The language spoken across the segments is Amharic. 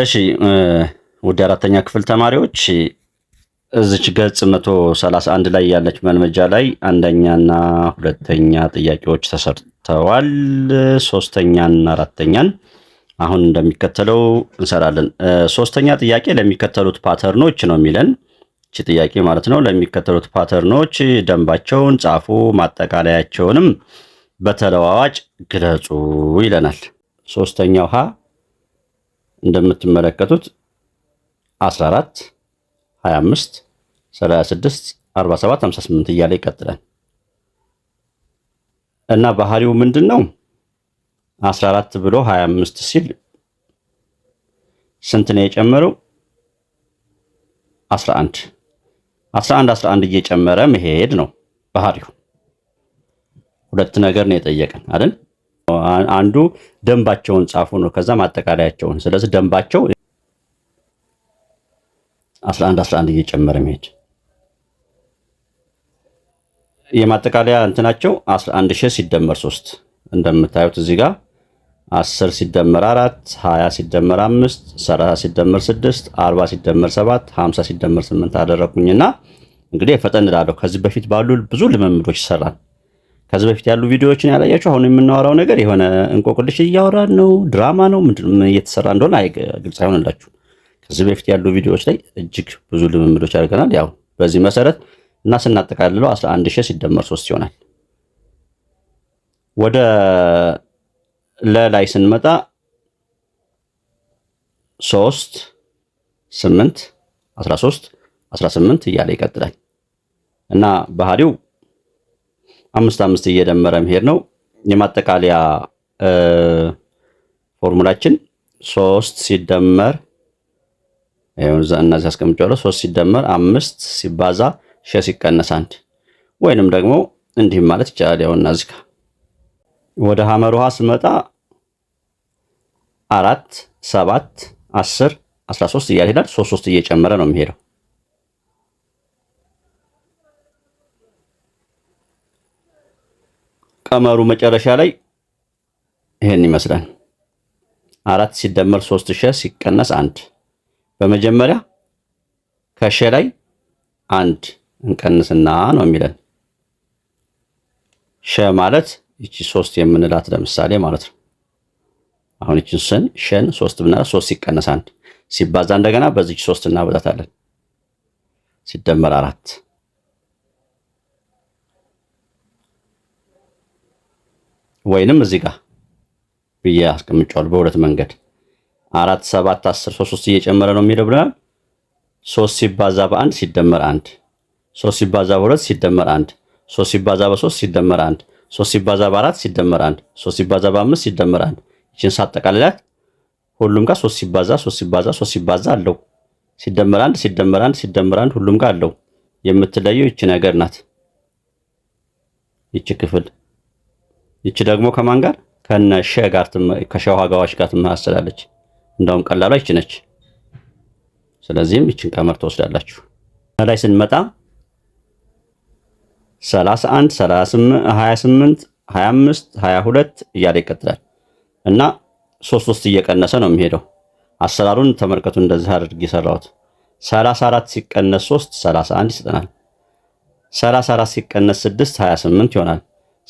እሺ ወደ አራተኛ ክፍል ተማሪዎች እዚች ገጽ 131 ላይ ያለች መልመጃ ላይ አንደኛና ሁለተኛ ጥያቄዎች ተሰርተዋል። ሶስተኛና አራተኛን አሁን እንደሚከተለው እንሰራለን። ሶስተኛ ጥያቄ ለሚከተሉት ፓተርኖች ነው የሚለን እቺ ጥያቄ ማለት ነው። ለሚከተሉት ፓተርኖች ደንባቸውን ጻፉ፣ ማጠቃለያቸውንም በተለዋዋጭ ግለጹ ይለናል። ሶስተኛው ሀ እንደምትመለከቱት 14 25 36 47 58 እያለ ይቀጥላል እና ባህሪው ምንድን ነው? 14 ብሎ 25 ሲል ስንት ነው የጨመረው? 11 11 11 እየጨመረ መሄድ ነው ባህሪው። ሁለት ነገር ነው የጠየቀን አይደል? አንዱ ደንባቸውን ጻፉ ነው። ከዛ ማጠቃለያቸውን። ስለዚህ ደንባቸው 11 11 እየጨመረ መሄድ የማጠቃለያ እንትናቸው 11 ሺህ ሲደመር 3 እንደምታዩት እዚህ ጋር 10 ሲደመር 4 20 ሲደመር 5 30 ሲደመር 6 40 ሲደመር 7 50 ሲደመር 8 አደረኩኝና እንግዲህ ፈጠን እላለሁ። ከዚህ በፊት ባሉ ብዙ ልምምዶች ይሰራል። ከዚህ በፊት ያሉ ቪዲዮዎችን ያላያችሁ አሁን የምናወራው ነገር የሆነ እንቆቅልሽ እያወራን ነው፣ ድራማ ነው፣ ምንድን እየተሰራ እንደሆነ ግልጽ አይሆንላችሁ። ከዚህ በፊት ያሉ ቪዲዮዎች ላይ እጅግ ብዙ ልምምዶች አድርገናል። ያው በዚህ መሰረት እና ስናጠቃልለው 11 ሺህ ሲደመር ሶስት ይሆናል። ወደ ለላይ ስንመጣ 3 8 13 18 እያለ ይቀጥላል እና ባህሪው አምስት አምስት እየደመረ መሄድ ነው። የማጠቃለያ ፎርሙላችን ሶስት ሲደመር እነዚህ አስቀምጫለሁ። ሶስት ሲደመር አምስት ሲባዛ ሸ ሲቀነስ አንድ ወይንም ደግሞ እንዲህም ማለት ይቻላል። ያው እና ጋ ወደ ሀመር ውሃ ስመጣ አራት ሰባት አስር አስራ ሶስት እያል ሄዳል። ሶስት ሶስት እየጨመረ ነው የሚሄደው። ቀመሩ መጨረሻ ላይ ይሄን ይመስላል። አራት ሲደመር ሶስት ሸ ሲቀነስ አንድ። በመጀመሪያ ከሸ ላይ አንድ እንቀንስና ነው የሚለን። ሸ ማለት ይቺ ሶስት የምንላት ለምሳሌ ማለት ነው። አሁን ይቺን ስን ሸን ሶስት ብናላት ሶስት ሲቀነስ አንድ ሲባዛ እንደገና በዚች ሶስት እናበዛታለን ሲደመር አራት ወይንም እዚህ ጋር ብዬ አስቀምጫዋል። በሁለት መንገድ አራት ሰባት አስር ሶስት ሶስት እየጨመረ ነው የሚለው። ብለናል። ሶስት ሲባዛ በአንድ ሲደመር አንድ፣ ሶስት ሲባዛ በሁለት ሲደመር አንድ፣ ሶስት ሲባዛ በሶስት ሲደመር አንድ፣ ሶስት ሲባዛ በአራት ሲደመር አንድ፣ ሶስት ሲባዛ በአምስት ሲደመር አንድ። ይችን ሳጠቃልላት ሁሉም ጋር ሶስት ሲባዛ ሶስት ሲባዛ ሶስት ሲባዛ አለው። ሲደመር አንድ ሲደመር አንድ ሲደመር አንድ ሁሉም ጋር አለው። የምትለየው ይቺ ነገር ናት ይቺ ክፍል ይቺ ደግሞ ከማን ጋር ከነ ሸ ጋር ከሸዋ ጋዋሽ ጋር ትመሳሰላለች። እንደውም ቀላሏ ይቺ ነች። ስለዚህም ይችን ቀመር ትወስዳላችሁ። ላይ ስንመጣ 31 28 25 22 እያለ ይቀጥላል እና ሶስት ሶስት እየቀነሰ ነው የሚሄደው። አሰራሩን ተመልከቱ። እንደዚህ አድርግ የሰራሁት 34 ሲቀነስ 3 31 ይሰጠናል። 34 ሲቀነስ 6 28 ይሆናል።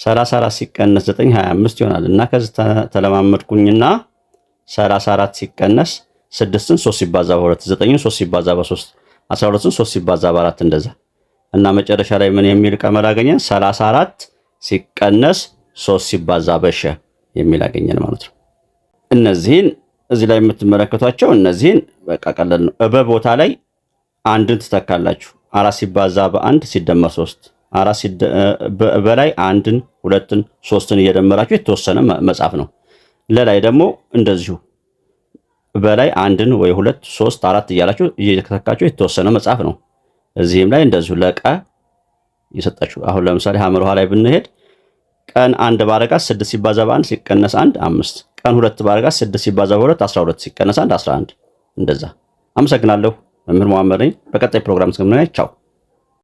34 ሲቀነስ 9 25 ይሆናል እና ከዚህ ተለማመድኩኝና 34 ሲቀነስ 6ን 3 ሲባዛ በ2 9ን 3 ሲባዛ በ3 12ን 3 ሲባዛ በ4 እንደዛ እና መጨረሻ ላይ ምን የሚል ቀመር አገኘን? 34 ሲቀነስ 3 ሲባዛ በሸ የሚል አገኘን ማለት ነው። እነዚህን እዚህ ላይ የምትመለከቷቸው እነዚህን በቃ ቀለል ነው። እበ ቦታ ላይ አንድን ትተካላችሁ። አራት ሲባዛ በአንድ ሲደመር ሶስት አራት በላይ አንድን ሁለትን ሶስትን እየደመራችሁ የተወሰነ መጽሐፍ ነው። ለላይ ደግሞ እንደዚሁ በላይ አንድን ወይ ሁለት ሶስት አራት እያላችሁ እየተተካችሁ የተወሰነ መጽሐፍ ነው። እዚህም ላይ እንደዚሁ ለቀ እየሰጣችሁ አሁን ለምሳሌ ሀመር ውሃ ላይ ብንሄድ ቀን አንድ ባረጋ ስድስት ሲባዛ በአንድ ሲቀነስ አንድ አምስት ቀን ሁለት ባረጋ ስድስት ሲባዛ በሁለት አስራ ሁለት ሲቀነስ አንድ አስራ አንድ እንደዛ። አመሰግናለሁ። መምህር መሐመድ ነኝ። በቀጣይ ፕሮግራም እስከምናይ ቻው።